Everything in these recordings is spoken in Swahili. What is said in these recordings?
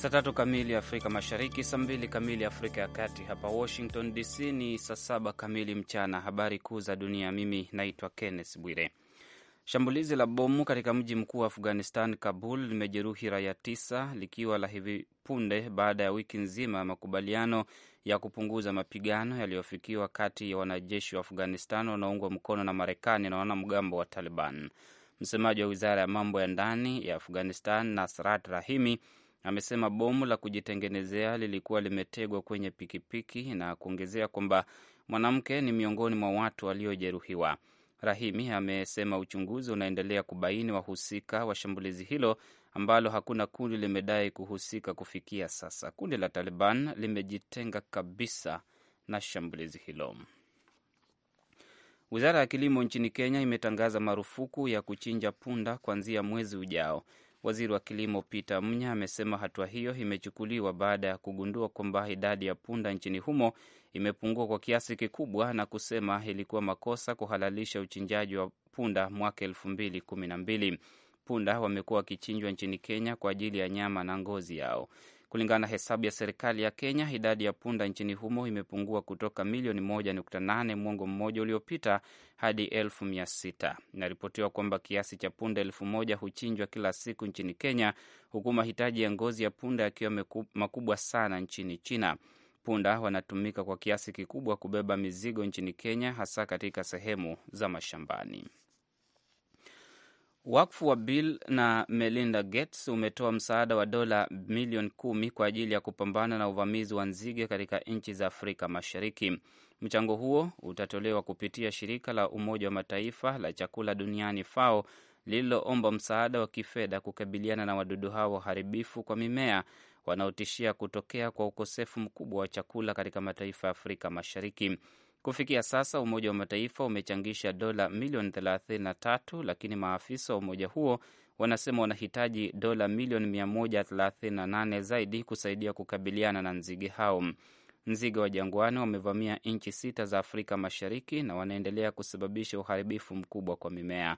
saa tatu kamili Afrika Mashariki, saa mbili kamili Afrika ya Kati. Hapa Washington DC ni saa saba kamili mchana. Habari kuu za dunia. Mimi naitwa Kenneth Bwire. Shambulizi la bomu katika mji mkuu wa Afghanistan, Kabul, limejeruhi raia tisa, likiwa la hivi punde baada ya wiki nzima ya makubaliano ya kupunguza mapigano yaliyofikiwa kati ya wanajeshi wa Afghanistan wanaoungwa mkono na Marekani na wanamgambo wa Taliban. Msemaji wa wizara ya mambo ya ndani ya Afghanistan, Nasrat Rahimi, Amesema bomu la kujitengenezea lilikuwa limetegwa kwenye pikipiki na kuongezea kwamba mwanamke ni miongoni mwa watu waliojeruhiwa. Rahimi amesema uchunguzi unaendelea kubaini wahusika wa shambulizi hilo ambalo hakuna kundi limedai kuhusika kufikia sasa. Kundi la Taliban limejitenga kabisa na shambulizi hilo. Wizara ya kilimo nchini Kenya imetangaza marufuku ya kuchinja punda kuanzia mwezi ujao. Waziri wa kilimo Peter Mnya amesema hatua hiyo imechukuliwa baada ya kugundua kwamba idadi ya punda nchini humo imepungua kwa kiasi kikubwa, na kusema ilikuwa makosa kuhalalisha uchinjaji wa punda mwaka elfu mbili kumi na mbili. Punda wamekuwa wakichinjwa nchini Kenya kwa ajili ya nyama na ngozi yao. Kulingana na hesabu ya serikali ya Kenya, idadi ya punda nchini humo imepungua kutoka milioni 1.8 mwongo mmoja uliopita hadi elfu mia sita. Inaripotiwa kwamba kiasi cha punda elfu moja huchinjwa kila siku nchini Kenya, huku mahitaji ya ngozi ya punda yakiwa makubwa sana nchini China. Punda wanatumika kwa kiasi kikubwa kubeba mizigo nchini Kenya, hasa katika sehemu za mashambani. Wakfu wa Bill na Melinda Gates umetoa msaada wa dola milioni kumi kwa ajili ya kupambana na uvamizi wa nzige katika nchi za Afrika Mashariki. Mchango huo utatolewa kupitia shirika la Umoja wa Mataifa la chakula duniani FAO lililoomba msaada wa kifedha kukabiliana na wadudu hao waharibifu kwa mimea wanaotishia kutokea kwa ukosefu mkubwa wa chakula katika mataifa ya Afrika Mashariki. Kufikia sasa Umoja wa Mataifa umechangisha dola milioni 33, lakini maafisa wa umoja huo wanasema wanahitaji dola milioni 138 zaidi kusaidia kukabiliana na nzige hao. Nzige wa jangwani wamevamia nchi sita za Afrika Mashariki na wanaendelea kusababisha uharibifu mkubwa kwa mimea.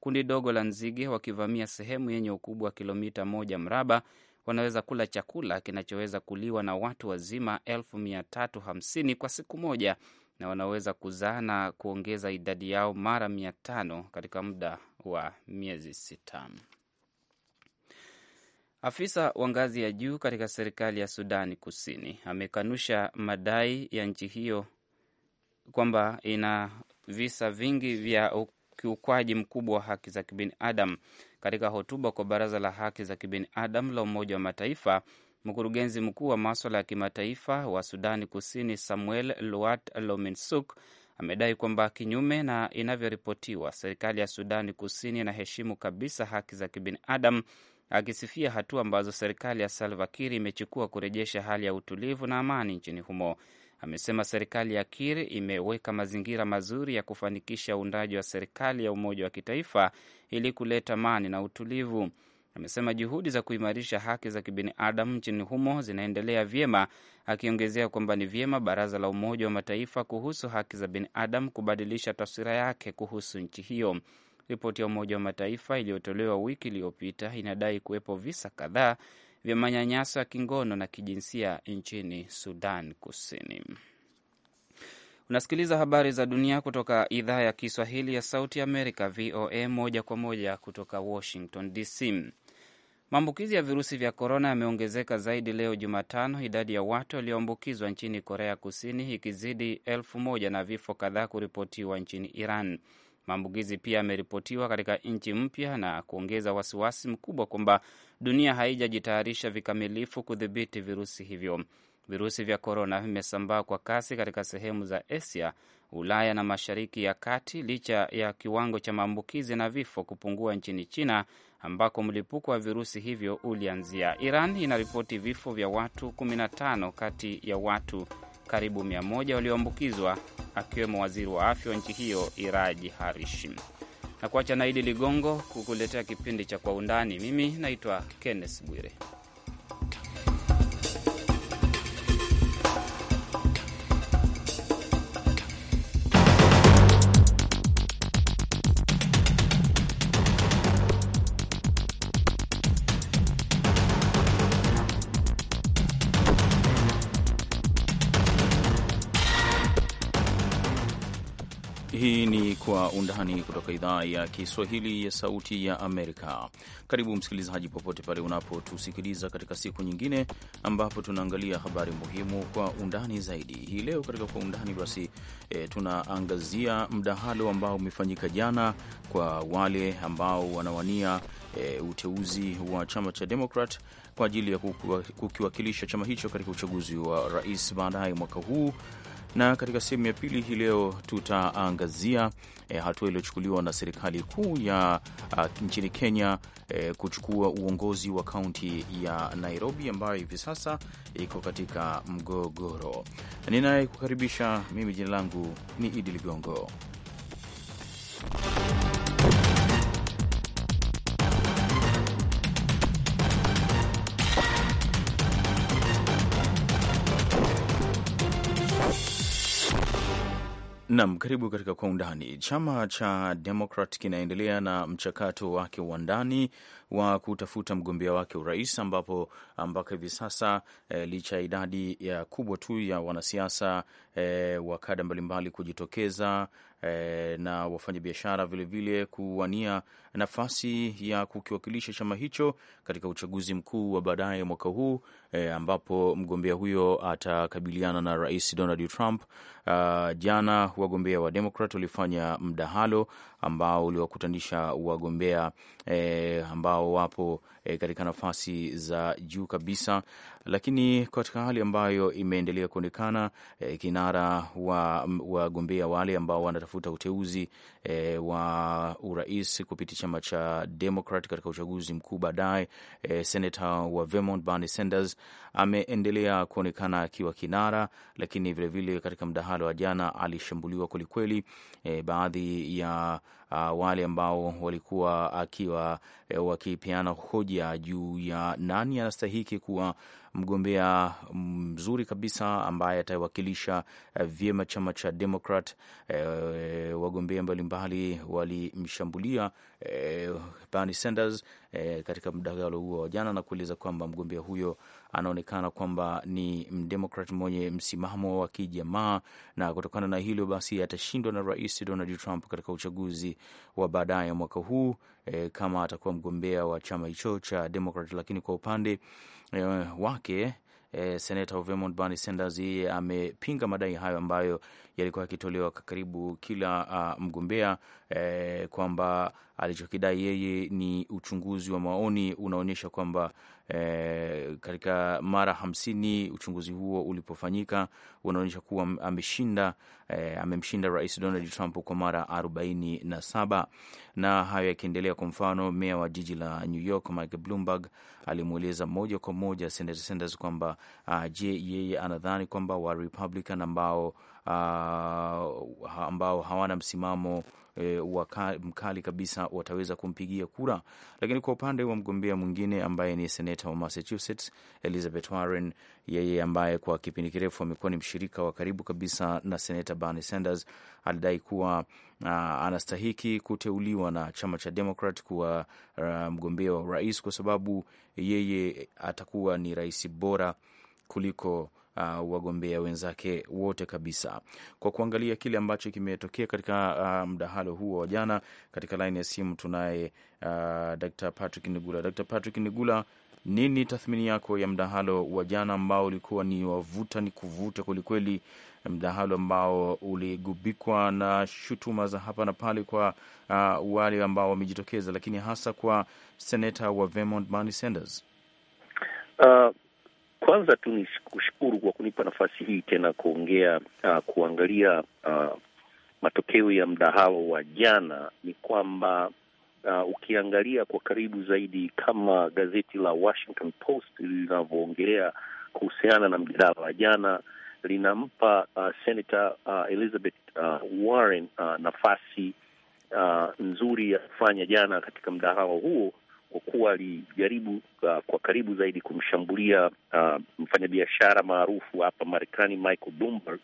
Kundi dogo la nzige wakivamia sehemu yenye ukubwa wa kilomita moja mraba wanaweza kula chakula kinachoweza kuliwa na watu wazima elfu mia tatu hamsini kwa siku moja na wanaweza kuzaa na kuongeza idadi yao mara mia tano katika muda wa miezi sita. Afisa wa ngazi ya juu katika serikali ya Sudani Kusini amekanusha madai ya nchi hiyo kwamba ina visa vingi vya ukiukwaji mkubwa wa haki za kibinadamu. Katika hotuba kwa Baraza la Haki za Kibinadamu la Umoja wa Mataifa, Mkurugenzi mkuu wa maswala ya kimataifa wa Sudani Kusini Samuel Luat Lominsuk amedai kwamba kinyume na inavyoripotiwa, serikali ya Sudani Kusini inaheshimu kabisa haki za kibinadamu, akisifia hatua ambazo serikali ya Salva Kiir imechukua kurejesha hali ya utulivu na amani nchini humo. Amesema serikali ya Kiir imeweka mazingira mazuri ya kufanikisha uundaji wa serikali ya umoja wa kitaifa ili kuleta amani na utulivu amesema juhudi za kuimarisha haki za kibinadamu nchini humo zinaendelea vyema, akiongezea kwamba ni vyema Baraza la Umoja wa Mataifa kuhusu haki za binadamu kubadilisha taswira yake kuhusu nchi hiyo. Ripoti ya Umoja wa Mataifa iliyotolewa wiki iliyopita inadai kuwepo visa kadhaa vya manyanyaso ya kingono na kijinsia nchini Sudan Kusini. Unasikiliza habari za dunia kutoka idhaa ya Kiswahili ya Sauti ya Amerika, VOA, moja kwa moja kutoka Washington DC. Maambukizi ya virusi vya korona yameongezeka zaidi leo Jumatano, idadi ya watu walioambukizwa nchini Korea Kusini ikizidi elfu moja na vifo kadhaa kuripotiwa nchini Iran. Maambukizi pia yameripotiwa katika nchi mpya na kuongeza wasiwasi mkubwa kwamba dunia haijajitayarisha vikamilifu kudhibiti virusi hivyo. Virusi vya korona vimesambaa kwa kasi katika sehemu za Asia, Ulaya na Mashariki ya Kati, licha ya kiwango cha maambukizi na vifo kupungua nchini China ambako mlipuko wa virusi hivyo ulianzia. Iran inaripoti vifo vya watu 15 kati ya watu karibu 100 walioambukizwa, akiwemo waziri wa afya wa nchi hiyo Iraji Harishi. Na kuacha na Idi Ligongo kukuletea kipindi cha Kwa Undani. Mimi naitwa Kenneth Bwire. Undani kutoka idhaa ya Kiswahili ya Sauti ya Amerika. Karibu msikilizaji, popote pale unapotusikiliza katika siku nyingine ambapo tunaangalia habari muhimu kwa undani zaidi. Hii leo katika Kwa Undani basi e, tunaangazia mdahalo ambao umefanyika jana kwa wale ambao wanawania e, uteuzi wa chama cha Demokrat kwa ajili ya kukiwakilisha chama hicho katika uchaguzi wa rais baadaye mwaka huu na katika sehemu ya pili hii leo tutaangazia e, hatua iliyochukuliwa na serikali kuu ya a, ah, nchini Kenya e, kuchukua uongozi wa kaunti ya Nairobi ambayo hivi sasa iko katika mgogoro. Ninayekukaribisha mimi jina langu ni Idi Ligongo. Nam, karibu katika Kwa Undani. Chama cha Demokrat kinaendelea na mchakato wake wa ndani wa kutafuta mgombea wake urais, ambapo mpaka hivi sasa e, licha ya idadi ya kubwa tu ya wanasiasa e, wa kada mbalimbali kujitokeza e, na wafanyabiashara vilevile kuwania nafasi ya kukiwakilisha chama hicho katika uchaguzi mkuu wa baadaye mwaka huu e, ambapo mgombea huyo atakabiliana na Rais Donald Trump. Uh, jana wagombea wa Demokrat walifanya mdahalo ambao uliwakutanisha wagombea e, ambao wapo e, katika nafasi za juu kabisa lakini katika hali ambayo imeendelea kuonekana e, kinara wa wagombea wale ambao wanatafuta uteuzi e, wa urais kupitia chama cha Democrat katika uchaguzi mkuu baadaye. E, eh, senata wa Vermont Bernie Sanders ameendelea kuonekana akiwa kinara, lakini vilevile vile katika mdahalo wa jana alishambuliwa kwelikweli. E, baadhi ya a, ah, wale ambao walikuwa akiwa e, wakipeana hoja juu ya nani anastahiki kuwa mgombea mzuri kabisa ambaye atawakilisha vyema chama cha Democrat. E, wagombea mbalimbali mbalimbali walimshambulia eh, Bernie Sanders eh, katika mdagalo huo wa jana na kueleza kwamba mgombea huyo anaonekana kwamba ni mdemokrat mwenye msimamo wa kijamaa, na kutokana na hilo basi atashindwa na Rais Donald Trump katika uchaguzi wa baadaye mwaka huu eh, kama atakuwa mgombea wa chama hicho cha demokrat Lakini kwa upande eh, wake Eh, Senata wa Vermont Bernie Sanders yeye amepinga madai hayo ambayo yalikuwa yakitolewa karibu kila uh, mgombea eh, kwamba alichokidai yeye ni uchunguzi wa maoni unaonyesha kwamba eh, katika mara hamsini uchunguzi huo ulipofanyika unaonyesha kuwa ameshinda, eh, amemshinda Rais Donald Trump kwa mara arobaini na saba. Na hayo yakiendelea, kwa mfano, meya wa jiji la New York Mike Bloomberg alimweleza moja kwa moja Senator Sanders kwamba uh, je, yeye anadhani kwamba wa Republican ambao, uh, ambao hawana msimamo e, waka, mkali kabisa wataweza kumpigia kura. Lakini kwa upande wa mgombea mwingine ambaye ni seneta wa Massachusetts Elizabeth Warren, yeye ambaye kwa kipindi kirefu amekuwa ni mshirika wa karibu kabisa na seneta Bernie Sanders, alidai kuwa uh, anastahiki kuteuliwa na chama cha demokrat kuwa uh, mgombea wa rais kwa sababu yeye atakuwa ni rais bora kuliko uh, wagombea wenzake wote kabisa. Kwa kuangalia kile ambacho kimetokea katika uh, mdahalo huo wa jana, katika laini ya simu tunaye uh, Dr. Patrick Nigula. Dr. Patrick Nigula, nini tathmini yako ya mdahalo wa jana ambao ulikuwa ni wavuta ni kuvuta kwelikweli, mdahalo ambao uligubikwa na shutuma za hapa na pale kwa uh, wale ambao wamejitokeza, lakini hasa kwa seneta wa Vermont Bernie Sanders? Uh, kwanza tu ni kushukuru kwa kunipa nafasi hii tena kuongea uh, kuangalia uh, matokeo ya mdahalo wa jana. Ni kwamba uh, ukiangalia kwa karibu zaidi kama gazeti la Washington Post linavyoongelea kuhusiana na mjadala wa jana linampa uh, Senator uh, Elizabeth uh, Warren uh, nafasi uh, nzuri ya kufanya jana katika mdahalo huo kwa kuwa alijaribu uh, kwa karibu zaidi kumshambulia uh, mfanyabiashara maarufu hapa Marekani Michael Bloomberg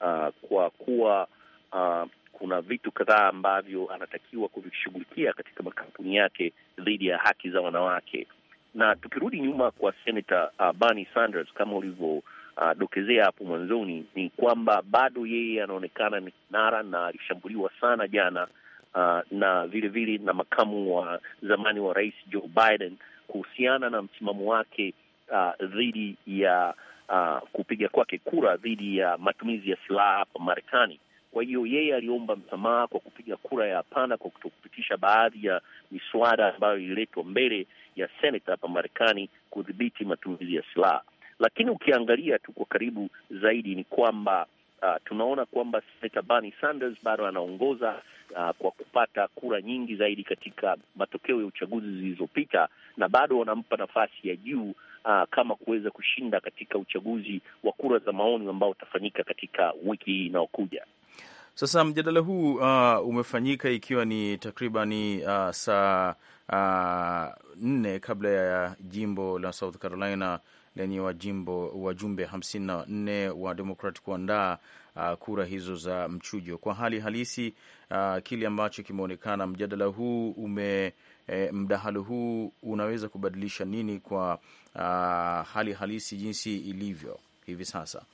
uh, kwa kuwa uh, kuna vitu kadhaa ambavyo anatakiwa kuvishughulikia katika makampuni yake dhidi ya haki za wanawake. Na tukirudi nyuma kwa senata uh, Bernie Sanders kama ulivyo Uh, dokezea hapo mwanzoni ni kwamba bado yeye anaonekana ni kinara na alishambuliwa sana jana uh, na vilevile na makamu wa zamani wa rais Joe Biden kuhusiana na msimamo wake uh, dhidi ya uh, kupiga kwake kura dhidi ya matumizi ya silaha hapa Marekani. Kwa hiyo yeye aliomba msamaha kwa kupiga kura ya hapana kwa kutokupitisha baadhi ya miswada ambayo ililetwa mbele ya seneta hapa Marekani kudhibiti matumizi ya silaha. Lakini ukiangalia tu kwa karibu zaidi ni kwamba uh, tunaona kwamba seneta Bernie Sanders bado anaongoza uh, kwa kupata kura nyingi zaidi katika matokeo ya uchaguzi zilizopita, na bado wanampa nafasi ya juu uh, kama kuweza kushinda katika uchaguzi wa kura za maoni ambao utafanyika katika wiki hii inayokuja. Sasa mjadala huu uh, umefanyika ikiwa ni takribani uh, saa uh, nne kabla ya jimbo la South Carolina lenye wajimbo wajumbe 54 wa Demokrat kuandaa uh, kura hizo za mchujo. Kwa hali halisi uh, kile ambacho kimeonekana, mjadala huu ume E, mdahalo huu unaweza kubadilisha nini kwa a, uh, hali halisi jinsi ilivyo hivi sasa?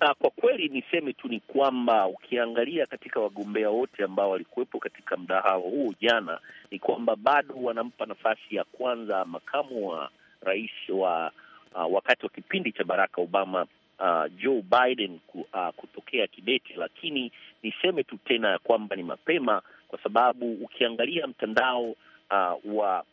A, uh, kwa kweli niseme tu ni kwamba ukiangalia katika wagombea wote ambao walikuwepo katika mdahalo huu jana, ni kwamba bado wanampa nafasi ya kwanza makamu wa rais wa uh, wakati wa kipindi cha Barack Obama uh, Joe Biden ku, uh, kutokea kidete, lakini niseme tu tena ya kwamba ni mapema, kwa sababu ukiangalia mtandao uh, wa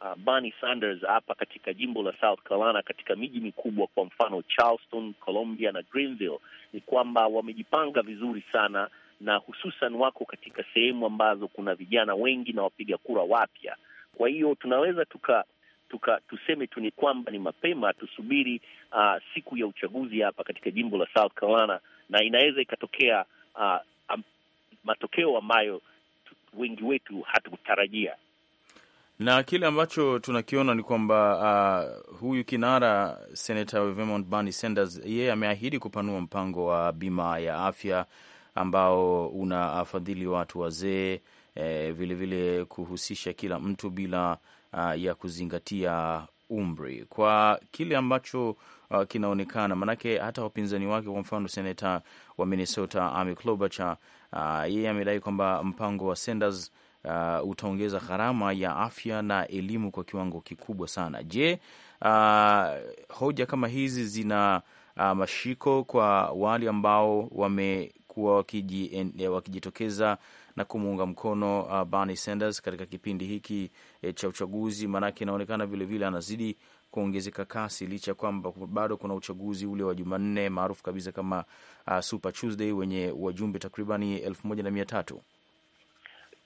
uh, Bernie Sanders hapa katika jimbo la South Carolina, katika miji mikubwa, kwa mfano Charleston, Columbia na Greenville, ni kwamba wamejipanga vizuri sana na hususan wako katika sehemu ambazo kuna vijana wengi na wapiga kura wapya. Kwa hiyo tunaweza tuka tuka, tuseme tu ni kwamba ni mapema tusubiri uh, siku ya uchaguzi hapa katika jimbo la South Carolina, na inaweza ikatokea uh, um, matokeo ambayo wengi wetu hatukutarajia na kile ambacho tunakiona ni kwamba uh, huyu kinara Senator Vermont Bernie Sanders yeye ameahidi kupanua mpango wa bima ya afya ambao unafadhili watu wazee, eh, vilevile kuhusisha kila mtu bila uh, ya kuzingatia umri kwa kile ambacho uh, kinaonekana. Maanake hata wapinzani wake, kwa mfano seneta wa Minnesota Amy Klobuchar, uh, yeye amedai kwamba mpango wa Sanders uh, utaongeza gharama ya afya na elimu kwa kiwango kikubwa sana. Je, uh, hoja kama hizi zina uh, mashiko kwa wale ambao wamekuwa wakijitokeza na kumuunga mkono uh, Bernie Sanders katika kipindi hiki e, cha uchaguzi, maanake inaonekana vilevile anazidi kuongezeka kasi licha ya kwamba bado kuna uchaguzi ule wa Jumanne maarufu kabisa kama uh, Super Tuesday wenye wajumbe takribani elfu moja na mia tatu.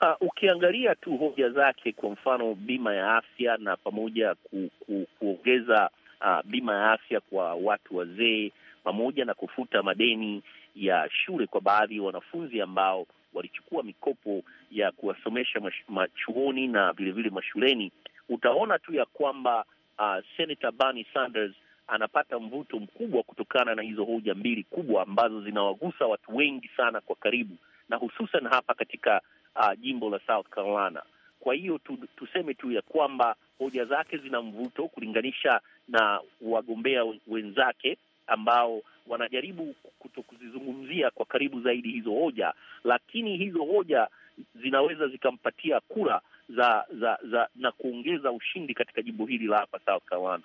Uh, ukiangalia tu hoja zake, kwa mfano bima ya afya na pamoja ku, ku, kuongeza uh, bima ya afya kwa watu wazee pamoja na kufuta madeni ya shule kwa baadhi ya wanafunzi ambao walichukua mikopo ya kuwasomesha machuoni na vilevile mashuleni, utaona tu ya kwamba uh, Senator Bernie Sanders anapata mvuto mkubwa kutokana na hizo hoja mbili kubwa ambazo zinawagusa watu wengi sana kwa karibu, na hususan hapa katika uh, jimbo la South Carolina. Kwa hiyo tu, tuseme tu ya kwamba hoja zake zina mvuto kulinganisha na wagombea wenzake ambao wanajaribu kutokuzizungumzia kwa karibu zaidi hizo hoja, lakini hizo hoja zinaweza zikampatia kura za za za na kuongeza ushindi katika jimbo hili la hapa South Carolina.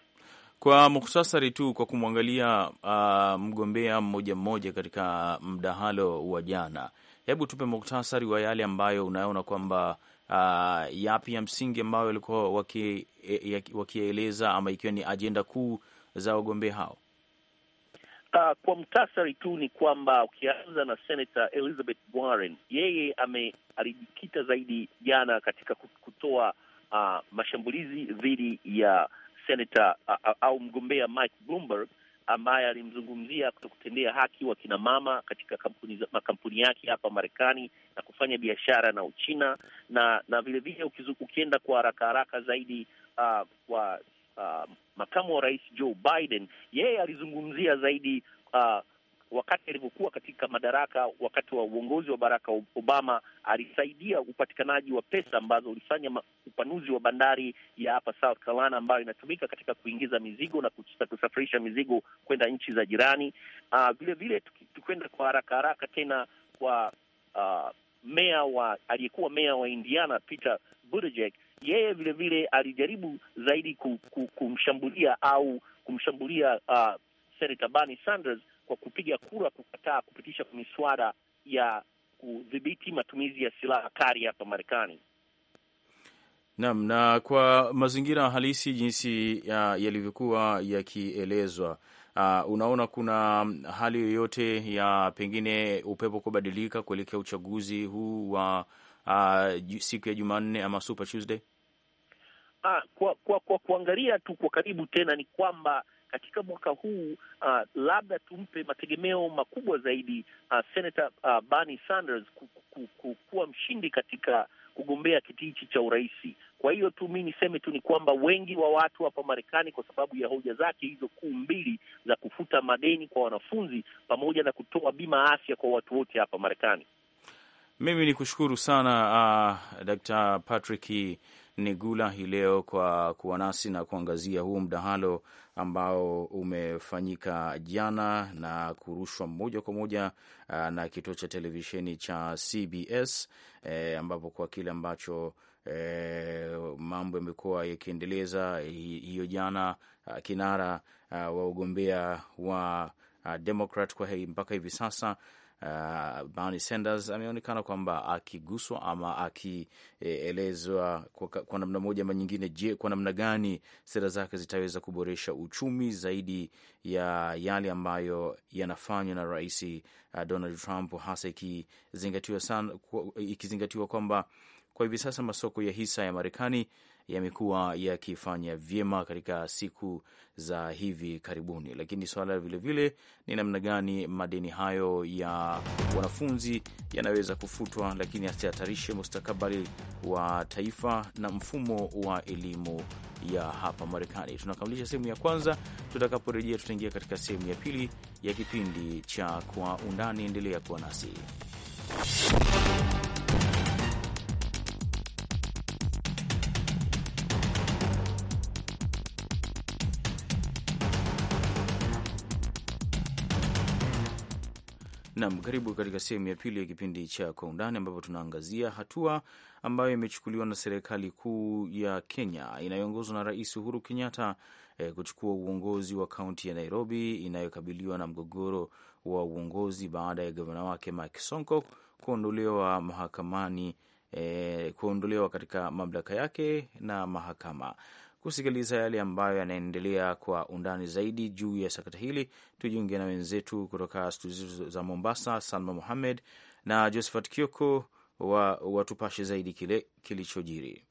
Kwa muktasari tu, kwa kumwangalia uh, mgombea mmoja mmoja katika mdahalo wa jana, hebu tupe muktasari wa yale ambayo unaona kwamba Uh, yapi ya msingi ambayo walikuwa e, wakieleza waki ama ikiwa ni ajenda kuu za wagombea hao? Uh, kwa mtasari tu ni kwamba ukianza na Senator Elizabeth Warren, yeye ame, alijikita zaidi jana katika kutoa uh, mashambulizi dhidi ya senator uh, au mgombea Mike Bloomberg ambaye alimzungumzia kutokutendea haki wa kina mama katika kampuni, makampuni yake hapa Marekani na kufanya biashara na Uchina na na vilevile ukienda kwa haraka haraka zaidi uh, kwa uh, makamu wa rais Joe Biden yeye alizungumzia zaidi uh, wakati alivyokuwa katika madaraka, wakati wa uongozi wa Barack Obama alisaidia upatikanaji wa pesa ambazo ulifanya upanuzi wa bandari ya hapa South Carolina ambayo inatumika katika kuingiza mizigo na kusafirisha mizigo kwenda nchi za jirani. Vilevile uh, vile tukienda kwa haraka haraka tena kwa uh, meya wa aliyekuwa meya wa Indiana Peter Buttigieg yeye vilevile alijaribu zaidi ku, ku, kumshambulia au kumshambulia uh, Senator Bernie Sanders kwa kupiga kura kukataa kupitisha miswada ya kudhibiti matumizi ya silaha kali hapa Marekani. Naam, na kwa mazingira halisi jinsi uh, yalivyokuwa yakielezwa, uh, unaona kuna hali yoyote ya pengine upepo kubadilika kuelekea uchaguzi huu wa uh, uh, siku ya Jumanne ama Super Tuesday? Ah, kwa, kwa, kwa kuangalia tu kwa karibu tena ni kwamba katika mwaka huu uh, labda tumpe mategemeo makubwa zaidi uh, Senator uh, Bernie Sanders kuwa mshindi katika kugombea kiti hichi cha urais. Kwa hiyo tu mi niseme tu ni kwamba wengi wa watu hapa Marekani, kwa sababu ya hoja zake hizo kuu mbili za kufuta madeni kwa wanafunzi pamoja na kutoa bima afya kwa watu wote hapa Marekani mimi ni kushukuru sana uh, Dr. Patrick Nigula hii leo kwa kuwa nasi na kuangazia huu mdahalo ambao umefanyika jana na kurushwa moja kwa moja ah, na kituo cha televisheni cha CBS eh, ambapo kwa kile ambacho eh, mambo yamekuwa yakiendeleza hiyo jana uh, kinara a, wa ugombea wa uh, Democrat kwa hei, mpaka hivi sasa uh, Bernie Sanders ameonekana kwamba akiguswa ama akielezwa kwa, kwa namna moja ama nyingine. Je, kwa namna gani sera zake zitaweza kuboresha uchumi zaidi ya yale ambayo yanafanywa na Rais uh, Donald Trump, hasa ikizingatiwa kwamba kwa hivi sasa masoko ya hisa ya Marekani yamekuwa yakifanya vyema katika siku za hivi karibuni, lakini swala vilevile ni namna gani madeni hayo ya wanafunzi yanaweza kufutwa, lakini asihatarishe mustakabali wa taifa na mfumo wa elimu ya hapa Marekani. Tunakamilisha sehemu ya kwanza. Tutakaporejea tutaingia katika sehemu ya pili ya kipindi cha Kwa Undani. Endelea kuwa nasi. Nam, karibu katika sehemu ya pili ya kipindi cha Kwa Undani, ambapo tunaangazia hatua ambayo imechukuliwa na serikali kuu ya Kenya inayoongozwa na Rais Uhuru Kenyatta eh, kuchukua uongozi wa kaunti ya Nairobi inayokabiliwa na mgogoro wa uongozi baada ya gavana wake Mike Sonko kuondolewa mahakamani, eh, kuondolewa katika mamlaka yake na mahakama kusikiliza yale ambayo yanaendelea kwa undani zaidi juu ya sakata hili, tujiunge na wenzetu kutoka studio za Mombasa, Salma Muhamed na Josephat Kioko wa watupashe zaidi kile kilichojiri.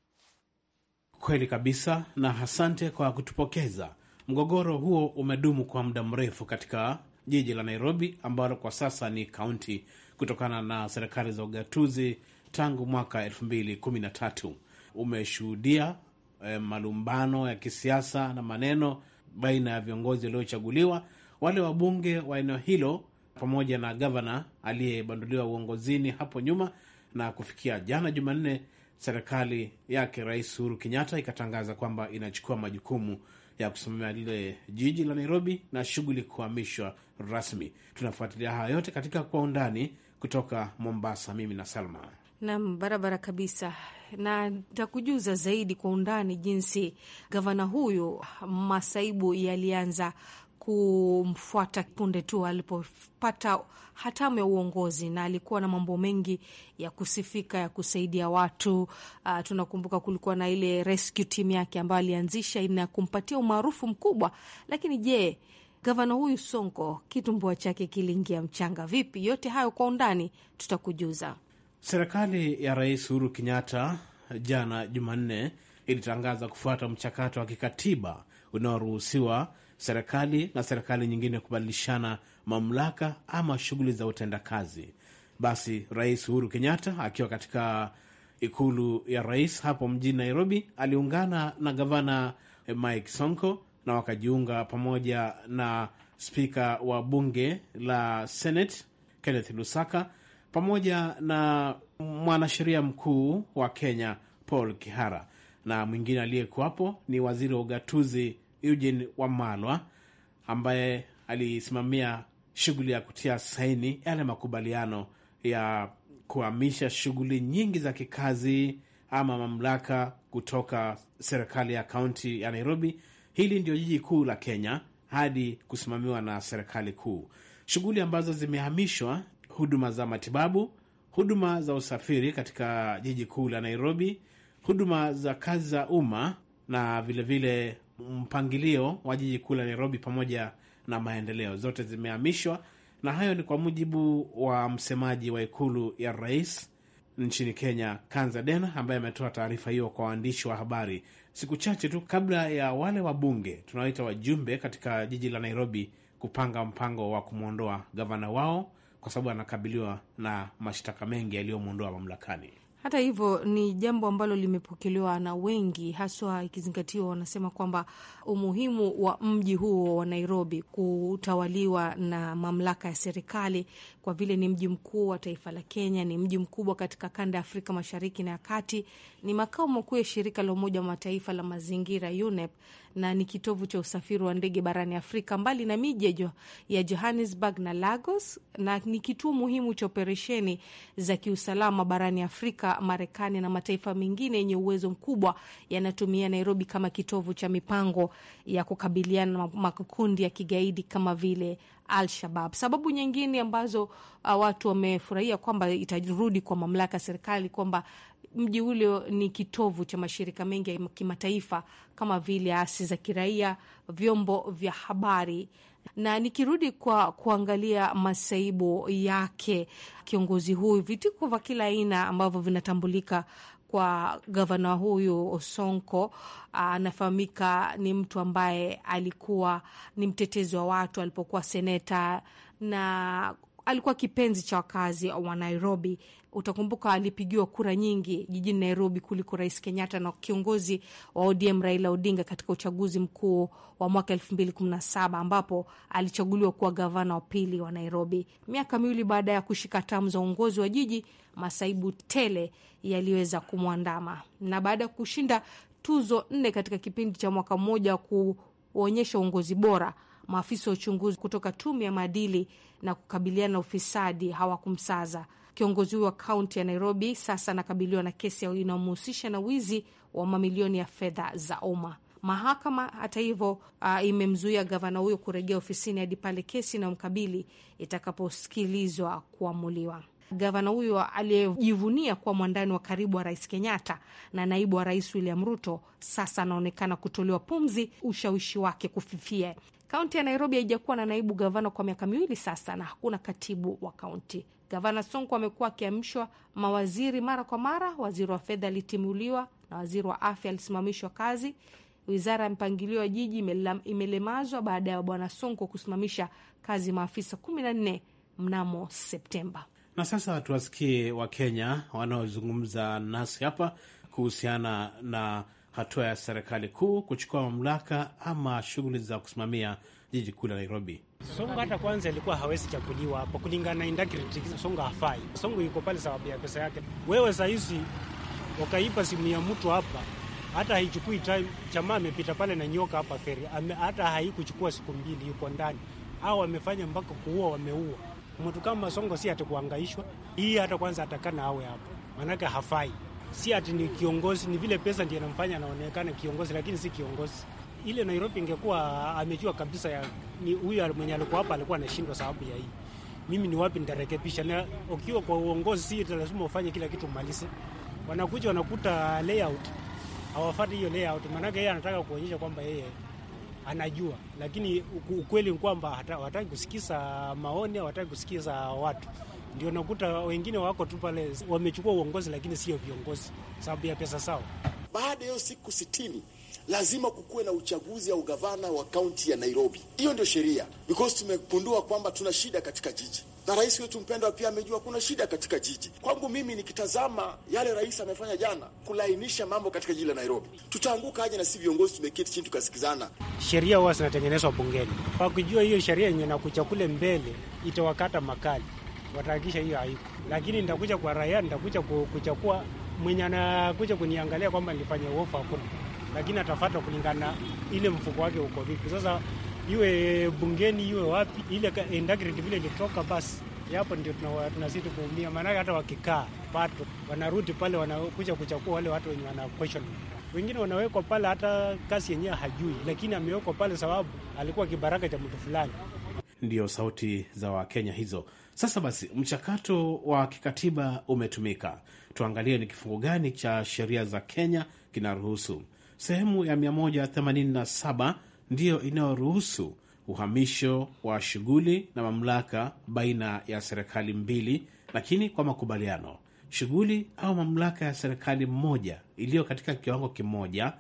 Kweli kabisa, na asante kwa kutupokeza. Mgogoro huo umedumu kwa muda mrefu katika jiji la Nairobi, ambalo kwa sasa ni kaunti kutokana na serikali za ugatuzi tangu mwaka 2013 umeshuhudia eh, malumbano ya kisiasa na maneno baina ya viongozi waliochaguliwa, wale wabunge wa eneo hilo pamoja na gavana aliyebanduliwa uongozini hapo nyuma, na kufikia jana Jumanne, serikali yake Rais Uhuru Kenyatta ikatangaza kwamba inachukua majukumu ya kusimamia lile jiji la Nairobi na shughuli kuhamishwa rasmi. Tunafuatilia haya yote katika kwa undani kutoka Mombasa. Mimi na Salma Nam, barabara kabisa, na ntakujuza zaidi kwa undani jinsi gavana huyu masaibu yalianza kumfuata punde tu alipopata hatamu ya uongozi, na alikuwa na mambo mengi ya kusifika ya kusaidia watu. Uh, tunakumbuka kulikuwa na ile rescue team yake ambayo alianzisha na kumpatia umaarufu mkubwa. Lakini je, gavana huyu Sonko kitumbua chake kiliingia mchanga vipi? Yote hayo kwa undani tutakujuza. Serikali ya Rais Uhuru Kenyatta jana Jumanne ilitangaza kufuata mchakato wa kikatiba unaoruhusiwa serikali na serikali nyingine kubadilishana mamlaka ama shughuli za utendakazi. Basi Rais Uhuru Kenyatta akiwa katika ikulu ya rais hapo mjini Nairobi aliungana na gavana eh, Mike Sonko na wakajiunga pamoja na spika wa bunge la Senate Kenneth Lusaka pamoja na mwanasheria mkuu wa Kenya Paul Kihara, na mwingine aliyekuwapo ni waziri wa ugatuzi Eugene Wamalwa ambaye alisimamia shughuli ya kutia saini yale makubaliano ya kuhamisha shughuli nyingi za kikazi ama mamlaka kutoka serikali ya kaunti ya Nairobi, hili ndio jiji kuu la Kenya, hadi kusimamiwa na serikali kuu. Shughuli ambazo zimehamishwa huduma za matibabu, huduma za usafiri katika jiji kuu la Nairobi, huduma za kazi za umma na vilevile vile mpangilio wa jiji kuu la Nairobi pamoja na maendeleo, zote zimehamishwa, na hayo ni kwa mujibu wa msemaji wa ikulu ya rais nchini Kenya, Kanza Dena, ambaye ametoa taarifa hiyo kwa waandishi wa habari siku chache tu kabla ya wale wabunge tunaoita wajumbe katika jiji la Nairobi kupanga mpango wa kumwondoa gavana wao kwa sababu anakabiliwa na mashtaka mengi yaliyomwondoa mamlakani. Hata hivyo ni jambo ambalo limepokelewa na wengi, haswa ikizingatiwa, wanasema kwamba umuhimu wa mji huo wa Nairobi kutawaliwa na mamlaka ya serikali, kwa vile ni mji mkuu wa taifa la Kenya, ni mji mkubwa katika kanda ya Afrika Mashariki na ya Kati, ni makao makuu ya shirika la Umoja wa Mataifa la mazingira UNEP na ni kitovu cha usafiri wa ndege barani Afrika, mbali na miji ya Johannesburg na Lagos, na ni kituo muhimu cha operesheni za kiusalama barani Afrika. Marekani na mataifa mengine yenye uwezo mkubwa yanatumia Nairobi kama kitovu cha mipango ya kukabiliana na makundi ya kigaidi kama vile Al-Shabab. Sababu nyingine ambazo uh, watu wamefurahia kwamba itarudi kwa mamlaka serikali kwamba mji ule ni kitovu cha mashirika mengi ya kimataifa kama vile asi za kiraia, vyombo vya habari. Na nikirudi kwa kuangalia masaibu yake kiongozi huyu, vituko vya kila aina ambavyo vinatambulika kwa gavana huyu Osonko anafahamika ni mtu ambaye alikuwa ni mtetezi wa watu alipokuwa seneta na alikuwa kipenzi cha wakazi wa Nairobi, Utakumbuka alipigiwa kura nyingi jijini Nairobi kuliko Rais Kenyatta na kiongozi wa ODM Raila Odinga katika uchaguzi mkuu wa mwaka elfu mbili kumi na saba ambapo alichaguliwa kuwa gavana wa pili wa Nairobi. Miaka miwili baada ya kushika hatamu za uongozi wa jiji, masaibu tele yaliweza kumwandama na baada ya kushinda tuzo nne katika kipindi cha mwaka mmoja kuonyesha uongozi bora maafisa wa uchunguzi kutoka tume ya maadili na kukabiliana na ufisadi hawakumsaza. Kiongozi huyo wa kaunti ya Nairobi sasa anakabiliwa na kesi inayomhusisha na wizi wa mamilioni ya fedha za umma. Mahakama hata hivyo, uh, imemzuia gavana huyo kuregea ofisini hadi pale kesi inayomkabili itakaposikilizwa kuamuliwa. Gavana huyo aliyejivunia kuwa mwandani wa karibu wa rais Kenyatta na naibu wa rais William Ruto sasa anaonekana kutolewa pumzi, ushawishi wake kufifia. Kaunti ya Nairobi haijakuwa na naibu gavana kwa miaka miwili sasa, na hakuna katibu wa kaunti. Gavana Sonko amekuwa akiamshwa mawaziri mara kwa mara. Waziri wa fedha alitimuliwa na waziri wa afya alisimamishwa kazi. Wizara ya mpangilio wa jiji imelemazwa baada ya bwana Sonko kusimamisha kazi maafisa 14 mnamo Septemba. Na sasa tuwasikie Wakenya wanaozungumza nasi hapa kuhusiana na hatua ya serikali kuu kuchukua mamlaka ama shughuli za kusimamia jiji kuu la Nairobi. Songo hata kwanza ilikuwa hawezi chaguliwa hapo, kulingana na integrity. Songo hafai, Songo yuko pale sababu ya pesa yake. Wewe sahizi wakaipa simu ya mtu hapa, hata haichukui time. chama amepita pale na nyoka hapa feri, hata haikuchukua siku mbili, yuko ndani. Au wamefanya mpaka kuua, wameua mtu kama Songo, si atakuangaishwa hii hata kwanza, atakana awe hapo, maanake hafai si ati ni kiongozi, ni vile pesa ndiye anamfanya anaonekana kiongozi, lakini si kiongozi. Ile Nairobi ingekuwa amejua kabisa ya ni huyu mwenye alikuwa hapa alikuwa anashindwa sababu ya hii, mimi ni wapi nitarekebisha. Na ukiwa kwa uongozi, si lazima ufanye kila kitu umalize. Wanakuja wanakuta layout, hawafati hiyo layout, maanake yeye anataka kuonyesha kwamba yeye anajua, lakini ukweli ni kwamba hawataki kusikiza maoni, hawataki kusikiza watu ndio nakuta wengine wako tu pale wamechukua uongozi, lakini sio viongozi sababu ya pesa sawa. Baada ya siku sitini lazima kukuwe na uchaguzi au gavana wa kaunti ya Nairobi. Hiyo ndio sheria, because tumepundua kwamba tuna shida katika jiji na rais wetu mpendwa pia amejua kuna shida katika jiji. Kwangu mimi nikitazama yale rais amefanya jana kulainisha mambo katika jiji la Nairobi, tutaanguka aje na si viongozi tumeketi chini tukasikizana? Sheria huwa zinatengenezwa bungeni, kwa kujua hiyo sheria yenye na kucha kule mbele itawakata makali watahakikisha hiyo haiko, lakini nitakuja kwa raia, nitakuja kuchakua mwenye anakuja kuniangalia kwamba nilifanya ofa hakuna, lakini atafata kulingana ile mfuko wake uko vipi. Sasa iwe bungeni, iwe wapi, ile integrity vile ilitoka, basi hapo ndio tunazidi kuumia, maanake hata wakikaa pato wanarudi pale, wanakuja kuchakua wale watu wenye wana question wengine wanawekwa pale, hata kazi yenyewe hajui, lakini amewekwa pale sababu alikuwa kibaraka cha mtu fulani. Ndiyo sauti za Wakenya hizo. Sasa basi, mchakato wa kikatiba umetumika. Tuangalie ni kifungu gani cha sheria za Kenya kinaruhusu. Sehemu ya 187 ndiyo inayoruhusu uhamisho wa shughuli na mamlaka baina ya serikali mbili, lakini kwa makubaliano. Shughuli au mamlaka ya serikali moja iliyo katika kiwango kimoja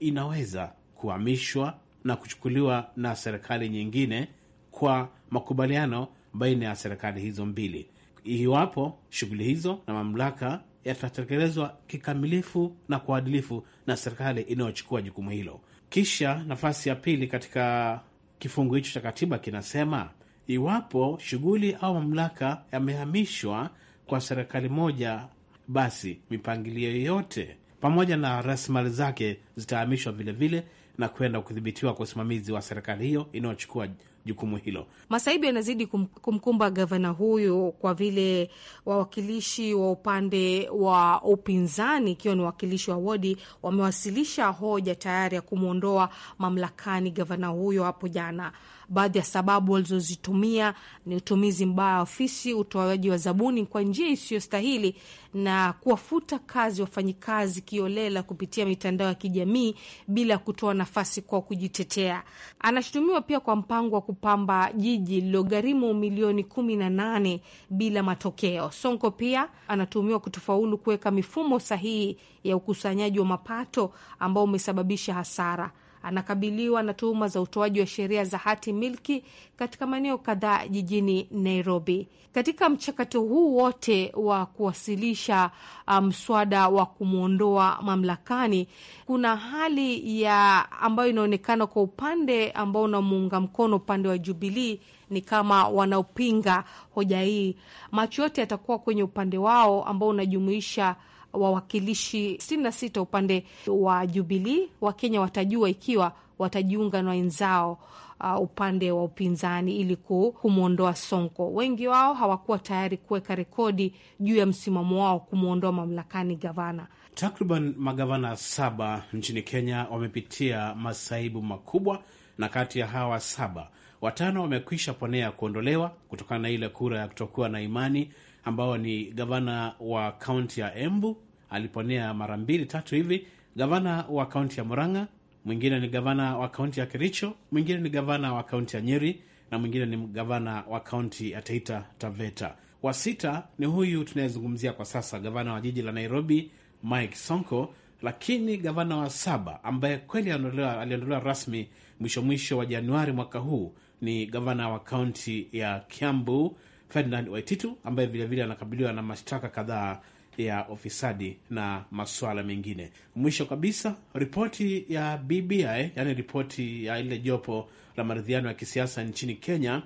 inaweza kuhamishwa na kuchukuliwa na serikali nyingine kwa makubaliano baina ya serikali hizo mbili, iwapo shughuli hizo na mamlaka yatatekelezwa kikamilifu na kwa uadilifu na serikali inayochukua jukumu hilo. Kisha nafasi ya pili katika kifungu hicho cha katiba kinasema, iwapo shughuli au mamlaka yamehamishwa kwa serikali moja, basi mipangilio yoyote pamoja na rasilimali zake zitahamishwa vilevile na kwenda kudhibitiwa kwa usimamizi wa serikali hiyo inayochukua jukumu hilo. Masaibu yanazidi kum, kumkumba gavana huyu kwa vile wawakilishi wa upande wa upinzani ikiwa ni wawakilishi wa wodi wamewasilisha hoja tayari ya kumwondoa mamlakani gavana huyo hapo jana. Baadhi ya sababu walizozitumia ni utumizi mbaya wa ofisi, utoaji wa zabuni kwa njia isiyostahili na kuwafuta kazi wafanyikazi kiolela kupitia mitandao ya kijamii bila kutoa nafasi kwa kujitetea. Anashutumiwa pia kwa mpango wa kupamba jiji lilogharimu milioni kumi na nane bila matokeo. Sonko pia anatuhumiwa kutofaulu kuweka mifumo sahihi ya ukusanyaji wa mapato ambao umesababisha hasara anakabiliwa na tuhuma za utoaji wa sheria za hati milki katika maeneo kadhaa jijini Nairobi. Katika mchakato huu wote wa kuwasilisha uh, mswada um, wa kumwondoa mamlakani, kuna hali ya ambayo inaonekana kwa upande ambao unamuunga mkono upande wa Jubilii ni kama wanaopinga hoja hii. Macho yote yatakuwa kwenye upande wao ambao unajumuisha wawakilishi 66 upande wa Jubilii, Wakenya watajua ikiwa watajiunga na wenzao uh, upande wa upinzani ili kumwondoa Sonko. Wengi wao hawakuwa tayari kuweka rekodi juu ya msimamo wao kumwondoa mamlakani gavana. Takriban magavana saba nchini Kenya wamepitia masaibu makubwa, na kati ya hawa saba watano wamekwisha ponea kuondolewa kutokana na ile kura ya kutokuwa na imani ambao ni gavana wa kaunti ya Embu aliponea mara mbili tatu hivi, gavana wa kaunti ya Murang'a, mwingine ni gavana wa kaunti ya Kericho, mwingine ni gavana wa kaunti ya Nyeri na mwingine ni gavana wa kaunti ya Taita Taveta. Wa sita ni huyu tunayezungumzia kwa sasa, gavana wa jiji la Nairobi Mike Sonko. Lakini gavana wa saba ambaye kweli aliondolewa rasmi mwisho mwisho wa Januari mwaka huu ni gavana wa kaunti ya Kiambu Ferdinand Waititu ambaye vilevile anakabiliwa na mashtaka kadhaa ya ofisadi na masuala mengine. Mwisho kabisa, ripoti ya BBI, yani ripoti ya ile jopo la maridhiano ya kisiasa nchini Kenya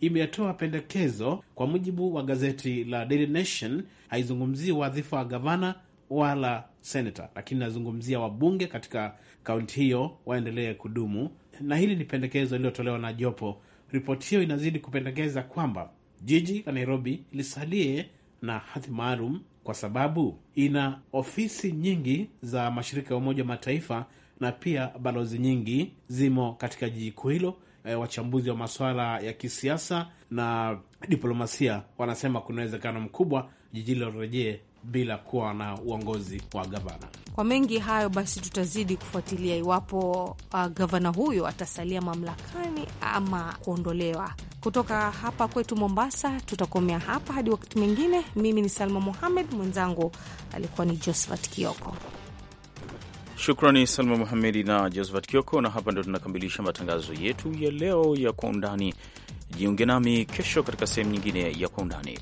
imetoa pendekezo. Kwa mujibu wa gazeti la Daily Nation, haizungumzii wadhifa wa gavana wala senata, lakini nazungumzia wabunge katika kaunti hiyo waendelee kudumu, na hili ni pendekezo lililotolewa na jopo. Ripoti hiyo inazidi kupendekeza kwamba jiji la Nairobi lisalie na hadhi maalum kwa sababu ina ofisi nyingi za mashirika ya Umoja wa Mataifa na pia balozi nyingi zimo katika jiji kuu hilo. E, wachambuzi wa masuala ya kisiasa na diplomasia wanasema kuna uwezekano mkubwa jiji hilo bila kuwa na uongozi wa gavana. Kwa mengi hayo, basi tutazidi kufuatilia iwapo uh, gavana huyo atasalia mamlakani ama kuondolewa. Kutoka hapa kwetu Mombasa, tutakomea hapa hadi wakati mwingine. Mimi ni Salma Muhamed, mwenzangu alikuwa ni Josephat Kioko. Shukrani Salma Muhamedi na Josephat Kioko, na hapa ndo tunakamilisha matangazo yetu ya leo ya Kwa Undani. Jiunge nami kesho katika sehemu nyingine ya Kwa Undani.